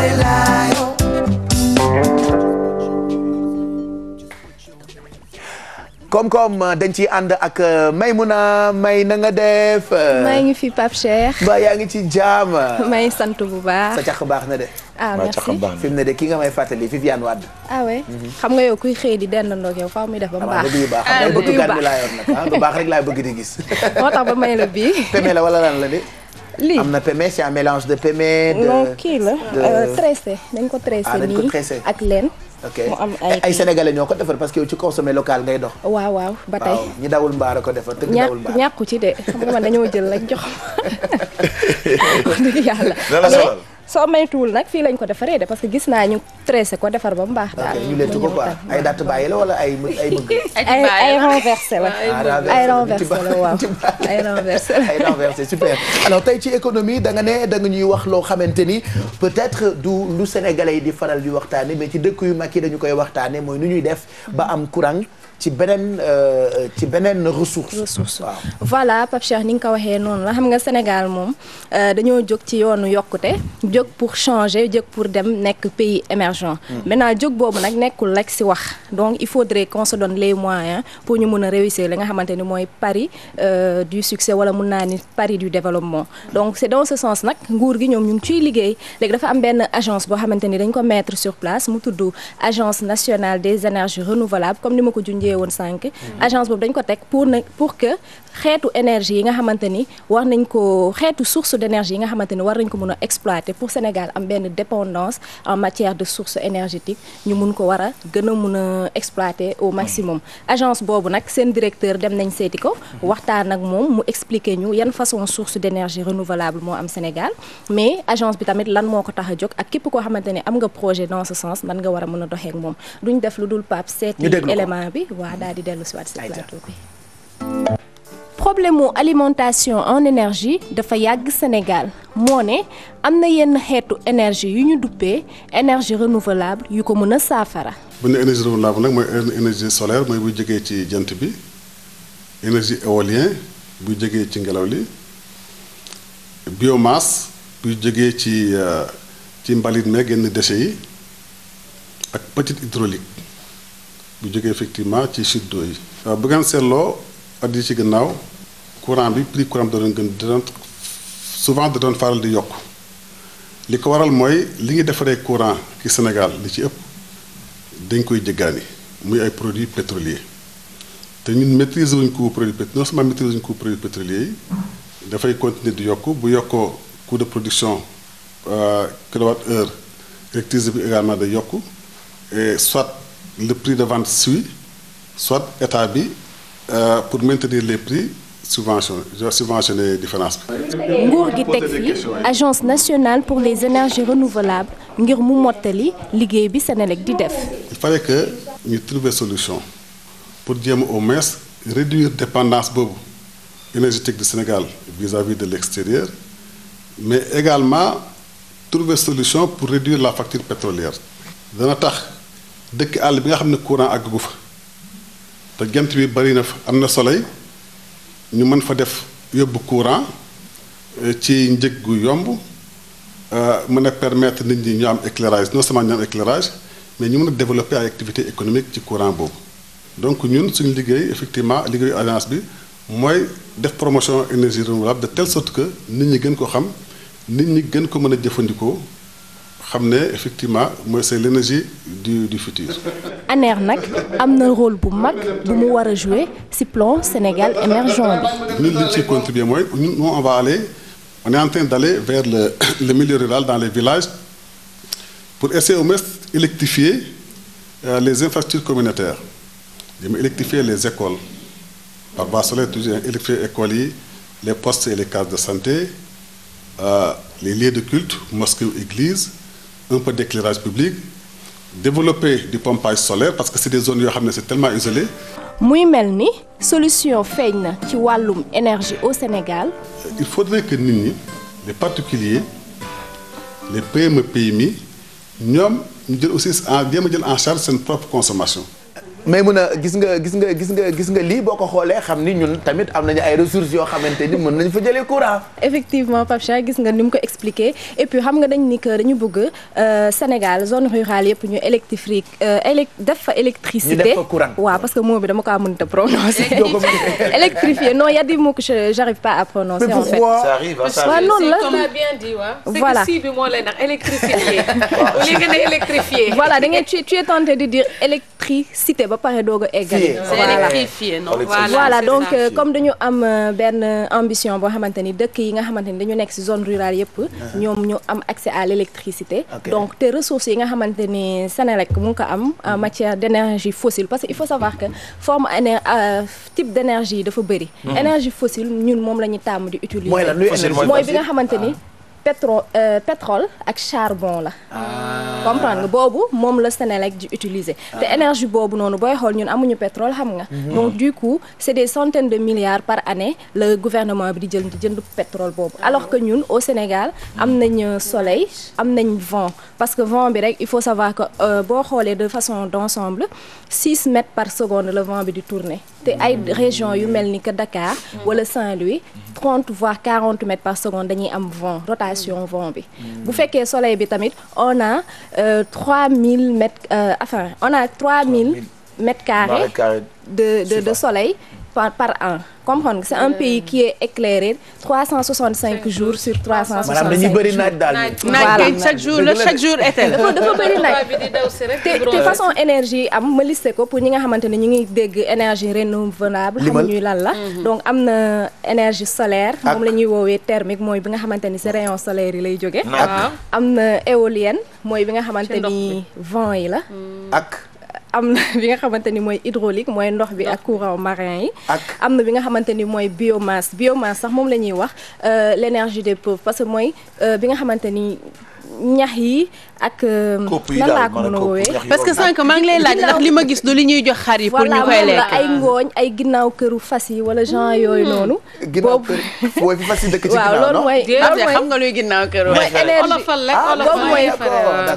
relajo. koom-koom dañ ciy ànd ak euh, Maymuna May na nga def. Euh, maa ngi fi Pape Cheikh. ba yaa ngi ci jaam. may sant bu baax. sa caq baax na de. ah merci fi mu ne de ki nga may fàttali Viviane Wade. ah mhm. xam nga yow kuy xëy di dendandoog yow faaw muy def ba mu ah, baax. ah lu baax xam nga bëtu gan bi laa yor ah, baax rek laay bëgg di gis. moo tax ba may la bii. teme la wala lan la de. lii am na pemé c'est un mélange de pemé. Uh, de non kii ah, la tressé dañ ko tressé nii ak leen. mu am ay ay sénégalais ñoo ko defar parce que yow ci consommé local ngay dox. waaw waaw ba tey ñi dawul mbaara ko defar tëgg dawul mbaara ñàkku ci de xam nga man dañoo jël rek jox dëgg yàlla. soo maytuwul nag fii lañ ko defaree de parce que gis naa ñu tressé ko defar ba mu baax daal ñu leen lettu ko quoi ay datt bàyyi la wala ay ay bëgg ah, ay renversé la ay renversé la waaw ay renversé super alors tey ci économie da nga ne danga ñuy wax loo xamante ni peut-être du lu sénégalais yi di faral di waxtaane mais ci dëkk yu mag yi dañu koy waxtaane mooy nu ñuy def ba am courant ci beneen euh, ci beneen ressource. ressource voilà Pape ni nga ko waxee noonu la xam nga Sénégal moom euh, dañoo jóg ci yoonu yokkute jóg pour changer jóg pour dem nekk pays émergent. Hmm. maintenant jóg boobu nag nekkul rek si wax donc il faudrait qu'on se donne les moyens pour ñu mun a réussir li nga xamante ni mooy pari euh, du succès wala mun naa ni pari du développement. donc c'est dans ce sens nag nguur gi ñoom ñu ngi ciy liggéey léegi dafa am benn agence boo xamante ni dañ ko mettre sur place mu tudd agence nationale des énergies expliqué woon sànq. agence boobu dañ ko teg pour na pour que xeetu énergie yi nga xamante ni war nañ ko xeetu source d' yi nga xamante ni war nañ ko mën a exploiter pour Sénégal am benn dépendance en matière de source énergétique ñu mun ko war a gën a mun a exploiter au maximum. agence boobu nag seen directeur dem nañ seeti ko. waxtaan ak moom mu expliquer ñu yan façon source d' énergie renouvelable moo am Sénégal mais agence bi tamit lan moo ko tax a jog ak képp koo xamante ne am nga projet dans ce sens nga war a mën a doxee moom duñ def lu dul Pape boobaa daal di dellu si waat si plateau bi. problème alimentation en énergie dafa yàgg Sénégal moo ne am na yenn xeetu énergie yu ñu duppee énergie renouvelable yu ko mën a saafara. bu ne énergie renouvelable nag mooy énergie solaire mooy buy jógee ci jant bi énergie éolien buy jógee ci ngelaw li biomasse buy jógee ci euh, ci mbalit meeg yenn déchets yi ak petite hydraulique bu jógee effectivement ci chute d'eau yi. Euh, bu ngeen seetloo at ci gannaaw courant bi prix courant bi da doon gën da doon souvent da doon faral di yokk li ko waral mooy li ñu defaree courant ci Sénégal li ci ëpp dañ koy jëggaani muy ay produits pétroliers te ñun maîtriser wuñ ko produit pétrolier non seulement maîtriser wuñ ko produit pétrolier yi dafay continuer di yokk bu yokkoo coût de production euh, kilowatt heure électricité bi également de yokk et soit. le prix de vente suit soit état bi euh, pour maintenir les prix subvention subventionné différence bi. nguur gi teg fi agence nationale pour les énergies renouvelables ngir mu mottali liggéey bi Senelec di def. il fallait que ñu trouver solution pour jéem au moins réduire dépendance boobu énergétique du Sénégal vis-à-vis de l'extérieur mais également trouver solution pour réduire la facture pétrolière dëkk àll bi nga xam ne courant àggu fa te gent bi bari na fa am na soleil ñu mën fa def yóbbu courant euh, ci njëg gu yomb euh, mën a permettre nit ñi ñu am éclairage non seulement ñu am éclairage mais ñu mën a développer ay activité économique ci courant boobu donc ñun suñu liggéey effectivement liggéeyu alliance bi mooy def promotion énergie renouvelable de telle sorte que nit ñi gën ko xam nit ñi gën ko mën a jëfandikoo xam ne effectivement mooy c'est l'énergie du du futur. ANER nag am na rôle bu mag bu mu war a jouer ci plan Sénégal émergent bi. ñun li ñu ciy contribuer mooy ñun nous on va aller on est vers le le milieu rural dans les villages pour essayer au moins électrifier euh, les infrastructures communautaires dama électrifier les écoles par base solaire toujours électrifier écoles yi les postes et les cases de santé euh, les lieux de culte mosquées ou églises. un peu d'éclairage public développer di pompage solaire parce que c'est des zones yoo xam ne c'est tellement isolé. muy mel ni solution feeñ na ci wàllum énergie au Sénégal. il faudrait que nit ñi les particuliers les PME mi ñoom ñu jël aussi en jéem a jël en charge seen propre consomation mais mun a gis nga gis nga gis nga gis lii boo ko xoolee xam ni ñun tamit am nañu ay ressources yoo xamante ni mën nañ fa jëlee courant. effectivement Pape Cheikh gis nga ni ko expliqué et puis xam nga dañ ni que dañu bëgg euh, Sénégal zone rurale yëpp ñu électrifié euh, def fa électricité. ñu def fa courant waaw parce que mot bi dama kaa mënut a prononcer. électrifié non y a des mots que j'arrive pas à prononcer. mais pourquoi en fait ça arrive ça a bien dit waaw. voilà c'est que si moo lay ndax électrifié. waaw li nga ne électrifié. voilà da ngeen tu de dire électricité ba pare doog a eggali donc euh, comme dañu am euh, benn ambition boo xamante ni dëkk yi nga xamante ni dañu nekk ci zone rural yépp uh-huh. ñoom ñu am accès à l'électricité donc te ressources yi nga xamante ni Senelec mu ko am en uh-huh. matière d'énergie fossile parce que il faut savoir que forme euh, type d'énergie dafa bëri uh-huh. énergie fossile ñun moom la ñu tàmm di utiliser mooy bi nga xamante ni ah. pétro euh, pétrole ak charbon la. Ah. comprendre nga boobu moom la Sénélec di utiliser. Ah. te énergie boobu noonu booy xool ñun amuñu pétrole xam nga. Mhm. donc du coup c'est des centaines de milliards par année le gouvernement bi di jël jënd pétrole boobu. Ah. alors que ñun au Sénégal am nañ euh, soleil am nañ vent parce que vent bi rek il faut savoir que euh, boo xoolee de façon d'ensemble six mètres par seconde le vent bi di tourner te mhm. ay régions yu mel ni que Dakar mhm. wala Saint-Louis. 30 voire 40 mètres par seconde dañuy am vent rotation vent bi. bu fekkee soleil bi tamit on a 3000 euh, mètres euh, enfin on a 3000 mètres carrés de de de soleil. par par an comprendre nga un pays qui est éclairé 365 jours sur 365 jours. maanaam dañuy bëri naaj daal naaj chaque jour la chaque jour étel. dafa dafa bëri naaj te te façon énergie am ma listé ko pour ñi nga xamante ne ñu ngi dégg énergie renouvelable. xam ñuy lan la. Mhm. donc am na énergie solaire. moom la ñuy woowee thermique mooy bi nga xamante ni si rayon solaire yi lay jógee. am na éolienne mooy bi nga xamante ni vent yi la. ak. am na bi nga xamante ni mooy hydraulique mooy ndox bi ak courant marin yi. am na bi nga xamante ni mooy biomasse biomasse sax moom la ñuy wax euh, l'énergie des pauvres parce que mooy euh, bi nga xamante ni ñax yi ak euh, nan a woowee parce que sànq man ngi lay ndax li ma gis lu li ñuy jox xar yi pour ñu koy lekk ay ngooñ ay ginnaaw këru fas yi wala genre hmm. yooyu noonu ginnaaw kër dëkk ci ginnaaw nga luy ginnaaw kër mooy énergie ah,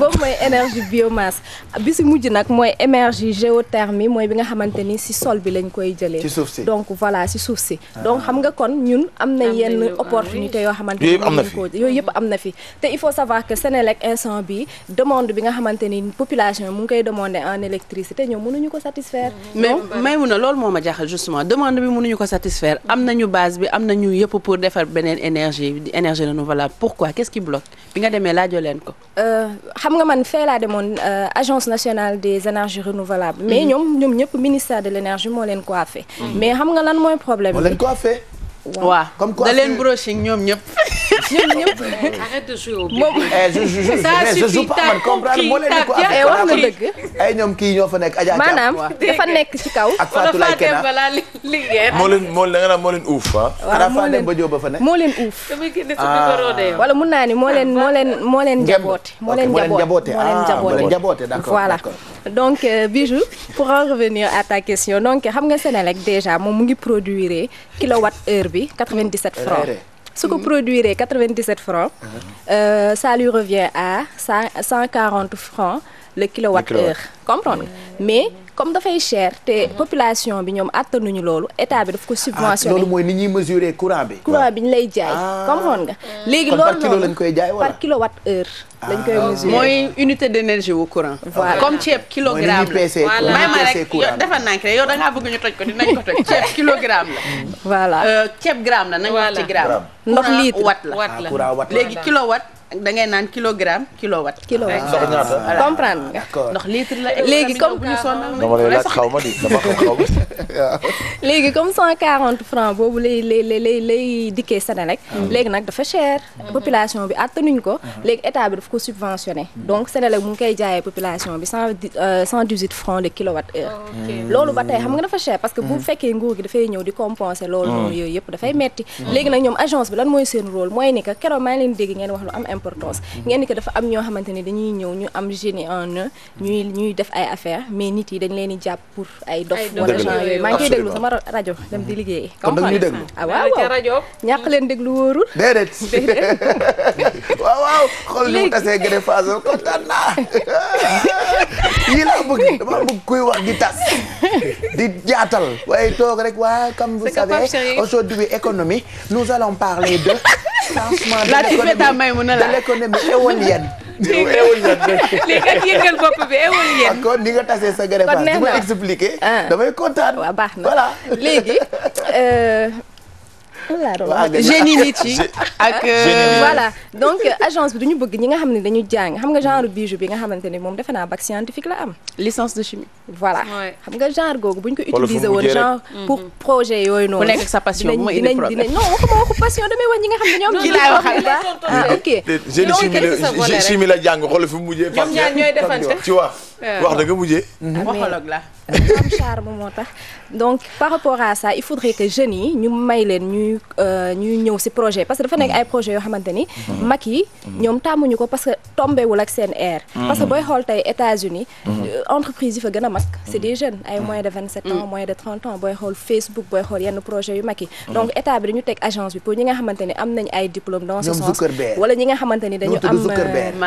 boobu mooy énergie biomasse bi si mujj nag mooy énergie géothermie mooy bi nga xamante ni si sol bi lañ koy jëlee donc voilà si suuf si ah. donc xam nga kon ñun am na yenn ah, opportunité yoo xamante ni yooyu yëpp am na fi te il faut savoir que Sénélec instant bi demande bi nga xamante ni population mu ngi koy demandé en électricité ñoom mënuñu ko satisfaire. Mm-hmm. mais may mun na loolu moo ma jaaxal justement demande bi mënuñu ko satisfaire am nañu base bi am nañu yëpp pour defar beneen énergie di énergie renouvelable pourquoi qu'est-ce qui bloque bi nga demee laajoo leen ko. Euh, xam nga man fee laa demoon euh, agence nationale des énergies renouvelables. mais mm-hmm. ñoom ñoom ñëpp ministère de l'énergie moo leen coiffé. Mm-hmm. mais xam nga lan mooy problème waaw comme quoi da leen brushing ñoom ñëpp. ñoom ñëpp. arrête de jouer au bébé. Eh, je ko affaire eh, wax nga dëgg. ay eh, ñoom kii ñoo fa nekk Adja maanaam dafa nekk ci kaw. ak Fatou Laye moo leen moo moo leen uuf ah. waaw moo ba Diop fa moo leen uuf. wala mun naa ni moo leen moo leen moo leen jaboote. moo leen jaboote ah, moo leen jaboote d'accord voilà. donc bi euh, Bijou pour en revenir à ta donc xam nga Senelec déjà moom mu ngi produire kilowatt heure bi 97 su ko mhm. produire 97 francs uh-huh. euh, ça lui revient à 100 140 francs le kilowat heure comprendre mais comme dafay chair te population bi ñoom attanuñu loolu état bi daf ko ah, subventionné loolu mooy ni ñuy mesurer courant bi courant bi ñu lay jaay ah. comprendre nga léegi loolu noonu par kilo koy jaay wala par kilowatt heure dañ koy ah, mooy unité d' énergie wu courant. comme ceeb kilogramme la. voilà may ma rek yow dafa nànk rek yow da bëgg ñu toj ko dinañ ko toj ceeb kilogramme la. voilà euh, ceeb gramme la nañ wax ci gramme. ndox litre watt la ah, watt la léegi kilowatt. da ngay naan kilogramme kilowatt. kilowatt ndox ñaata comprendre nga. ndox litre la. léegi comme bu ñu sonal dama lay laaj xaw ma di dama xaw xaw léegi comme 140 francs boobu lay lay lay lay dikkee Sénélec ah léegi nag dafa chair population bi attanuñ ko ah. léegi état bi daf ko subventionné donc Sénélec mu ngi koy jaayee population bi cent euh, cent dix-huit francs le kilowatt heure ah, hmm. loolu ba tey xam nga dafa cher parce que bu hmm. fekkee nguur gi dafay ñëw di compenser loolu hmm. noonu yooyu yëpp dafay metti léegi nag ñoom agence bi lan mooy seen rôle mooy ni que keroog maa ngi leen dégg ngeen wax lu am importance ñoo xamante ni dañuy ñëw ñu am génie en ñuy ñuy def ay affaires mais nit yi dañ leen di jàpp pour ay yooyu maa ngi déglu sama rajo dem di liggéey kon nag déglu ah waaw waaw ñàkk leen déglu wóorul déedéet waaw waaw xool li mu tasee gën a faasoo kontaan naa yii laa bëgg kuy wax di tas di jaatal waaye toog rek waa comme vous savez aujourd'hui économie nous allons parler de changement de l'économie de l'économie éolienne eewul yéen lii kat yëngal bopp bi eewul yéen ah, ni nga tasee sa gërëm kon neex na expliqué ah. damay kontaan waaw baax na voilà léegi euh, génie nit yi ak euh, voilà ñu bëgg ñi nga xam ne dañu jàng xam nga genre bijou bi nga xamante ne moom defe naa bac scientifique la am licence de chimie voilà xam nga genre googu bu ñu ko utiliser woon genre mm-hmm. pour projet yooyu noonu ku nekk sa passion dinañ dinañ non waxuma waxu passion damay wax ñi nga xam ne ñoom ci laay waxal ah ok génie chimie la jàng ci wax Euh, wax da nga mujjee. Mm-hmm. waxaloog la. am charme moo tax donc par rapport à ça il faudrait que jeunes yi ñu may leen ñuy euh, ñuy ñëw si projet parce que dafa nekk ay projets yoo xamante ni. Mm-hmm. mag yi mm-hmm. ñoom tàmmuñu ko parce que tombewul ak seen air. parce que booy xool tey États-Unis euh, entreprise yi fa gën a mag c'est des jeunes ay moins de vingt sept ans moins de trente ans booy xool Facebook booy xool yenn projet yu mag yi. donc état bi dañu teg agence bi pour ñi nga xamante am nañ ay diplômes dans ce sens wala ñi nga xamante ni dañu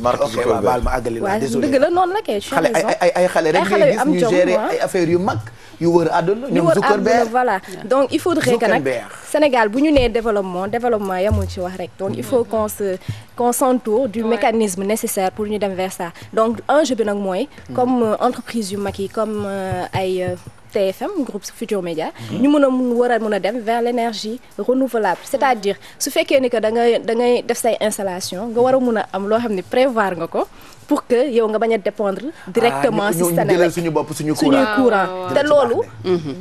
Mark Zuckerberg baal ma la désolé dëgg la noonu la kay xale ay ay xale rek ngay gis yu mag yu wër àdduna ñoom Zuckerberg voilà donc il faudrait que nag Sénégal bu ñu nee développement développement yamul ci wax rek donc il faut qu'on se qu'on du mécanisme nécessaire pour ñu dem vers ça donc enjeu bi nag mooy hmm. comme euh, entreprise yu mag yi comme euh, ay euh, TFM groupe Futur Média ñu mën a mun war a mun a dem vers l' renouvelable c' à dire su fekkee ni que da ngay da ngay def say installation nga war a mun a am loo xam ne prévoir nga ko pour que yow nga bañ a dépendre directement ah, si Senelec suñu bopp suñu courant ah, te loolu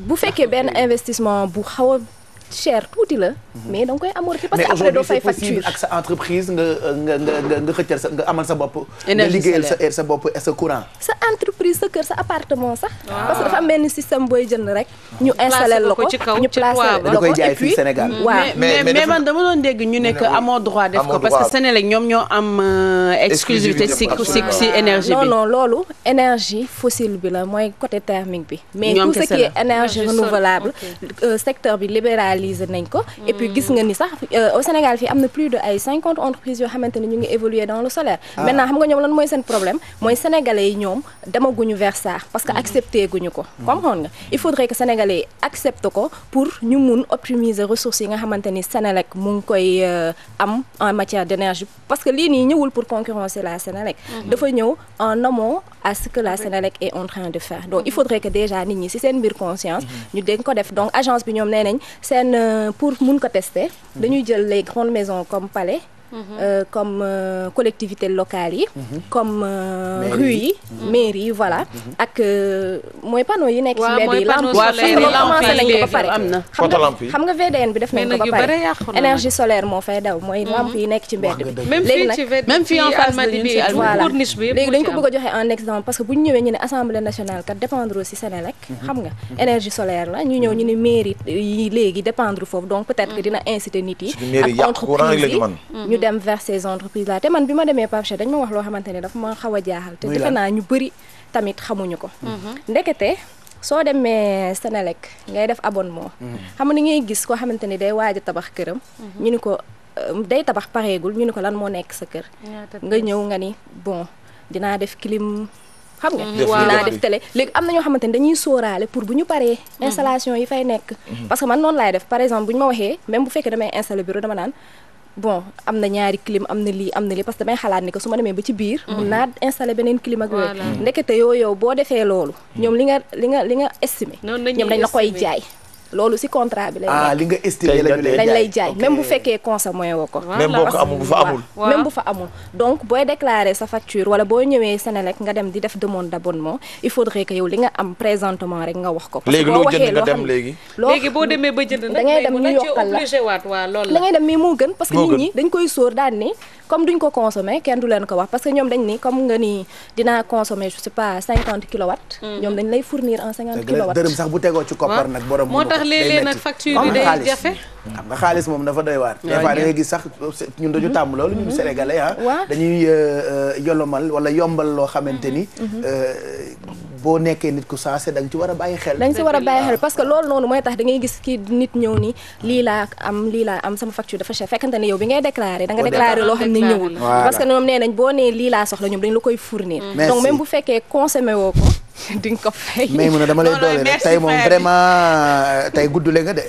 bu fekkee benn investissement bu xaw a cher tuuti la. mais da nga koy amorti parce que après doo fay facture ak sa entreprise nga nga nga nga xëccal sa nga amal sa bopp. nga liggéeyal sa sa bopp sa courant. sa entreprise sa kër sa appartement sax. parce que dafa am benn système booy jënd rek. ñu installé la ko ñu placé la ko jaay fii Sénégal. waaw mais mais man dama doon dégg ñu ne que amoo droit def ko parce que Sénégal ñoom ñoo am. Euh, exclusivité si si si énergie bi. non loolu énergie fossile bi la mooy côté thermique bi. mais tout ce qui est euh, secteur bi libéral analyser nañ ko et puis gis nga ni sax euh, au Sénégal fii am na plus de ay cinquante entreprises yoo xamante ñu ngi évoluer dans le solaire ah. maintenant xam nga ñoom lan mooy seen problème mooy sénégalais yi ñoom demaguñu vers parce que mm-hmm. accepté guñu ko comprendre nga il faudrait que sénégalais yi accepte ko pour ñu mun optimiser ressources yi nga xamante ni mu ngi koy euh, am en matière d'énergie parce que lii nii ñëwul pour concurrencer la Sénélec mm-hmm. dafa ñëw en amont est Euh, pour mun ko tester. Mhm. dañuy jël les grandes maisons comme Palais. Euh, comme euh, collectivité locale yi. Mhm. comme euh, rue yi. Mhm. mairie yi voilà. Mhm. ak mooy panneau yi nekk ci mbedd yi. lampe commencé nañ ko ba pare. xam nga bi def nañ moo fay daw mooy lampe yi nekk ci mbedd bi. léegi nag dañ ko bëgg a joxe en exemple parce que bu ñu ñëwee ñu ne assemblée nationale kat dépendre si Sénélec. xam nga énergie solaire la ñu ñëw ñu ne mairie yi léegi dépendre foofu donc peut que dina inciter nit yi. ak entreprise yi dem vers ces entreprises là te man bi ma demee Pape Cheikh dañ ma wax loo xamante ne dafa ma xaw a jaaxal te defe naa ñu bëri tamit xamuñu ko mhm. ndekete soo demee Sénélec ngay def abonnement mhm. xam ngay gis koo xamante ni day waaj tabax këram mhm. ñu ni ko euh, day tabax pareegul ñu ni ko lan moo nekk sa kër nga ñëw nga ni bon dinaa def clim xam nga dinaa def télé léegi am na ñoo xamante ni dañuy sóoraale pour bu ñu paree installation yi fay nekk parce que man noonu laay def par exemple bu ñu ma waxee même bu fekkee damay installé bureau dama naan bon am na ñaari kilim am na lii am na lii parce que damay xalaat ni ko su ma demee ba ci biir mm. mun naa installé beneen clim ak yooyu ndekete yoo yow boo defee loolu ñoom li nga li nga li nga estimé ñoom dañ la koy jaay loolu si contrat bi. lay ah li lañ lay jaay même bu fekkee consommé woo ko. même boo amul bu fa amul. bu fa amul donc booy déclarer sa facture wala boo ñëwee sene Sénélec nga dem di def demande d' abonnement il faudrait que yow li nga am présentement rek nga wax ko. parce que boo waxee loo xam léegi loo jënd nga dem boo demee ba jënd nag da ngay dem ñu yokkal la da dem mii moo gën parce que nit ñi dañ koy sóor daan ne comme duñ ko consommer kenn du leen ko wax parce que ñoom dañ ni comme nga ni dinaa consommer je sais pas cinquante kilowatts. Mm-hmm. ñoom dañ lay fournir cinquante kilowatts. dërëm sax facture bi day moom dafa doy waar. des fois da ngay gis sax ñun dañu tàmm loolu ñun mm-hmm. sénégalais ah. dañuy euh, euh, yolomal wala yombal loo xamante ni. Mm-hmm. Euh, boo nekkee nit ku sensé da nga ci war a bàyyi xel. parce que loolu noonu mooy tax da ngay gis kii nit ñëw ni lii laa am lii laa am sama facture dafa cher fekkante ne yow bi ngay déclaré da dina ñëwul parce que ñoom nee nañ boo nee lii laa soxla ñoom dañ la koy fournir mm. donc même bu fekkee consommé woo ko di ko fay mais mun na dama lay doole rek tey moom vraiment euh, tey guddule nga de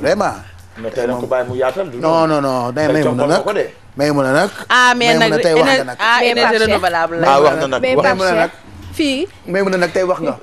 vraiment mais tey ko bàyyi mu may mun na nag may mun a nag ah, ah, ah wax nga nag ah énergie renouvelable la wax nag fii may mun na nag tey wax nga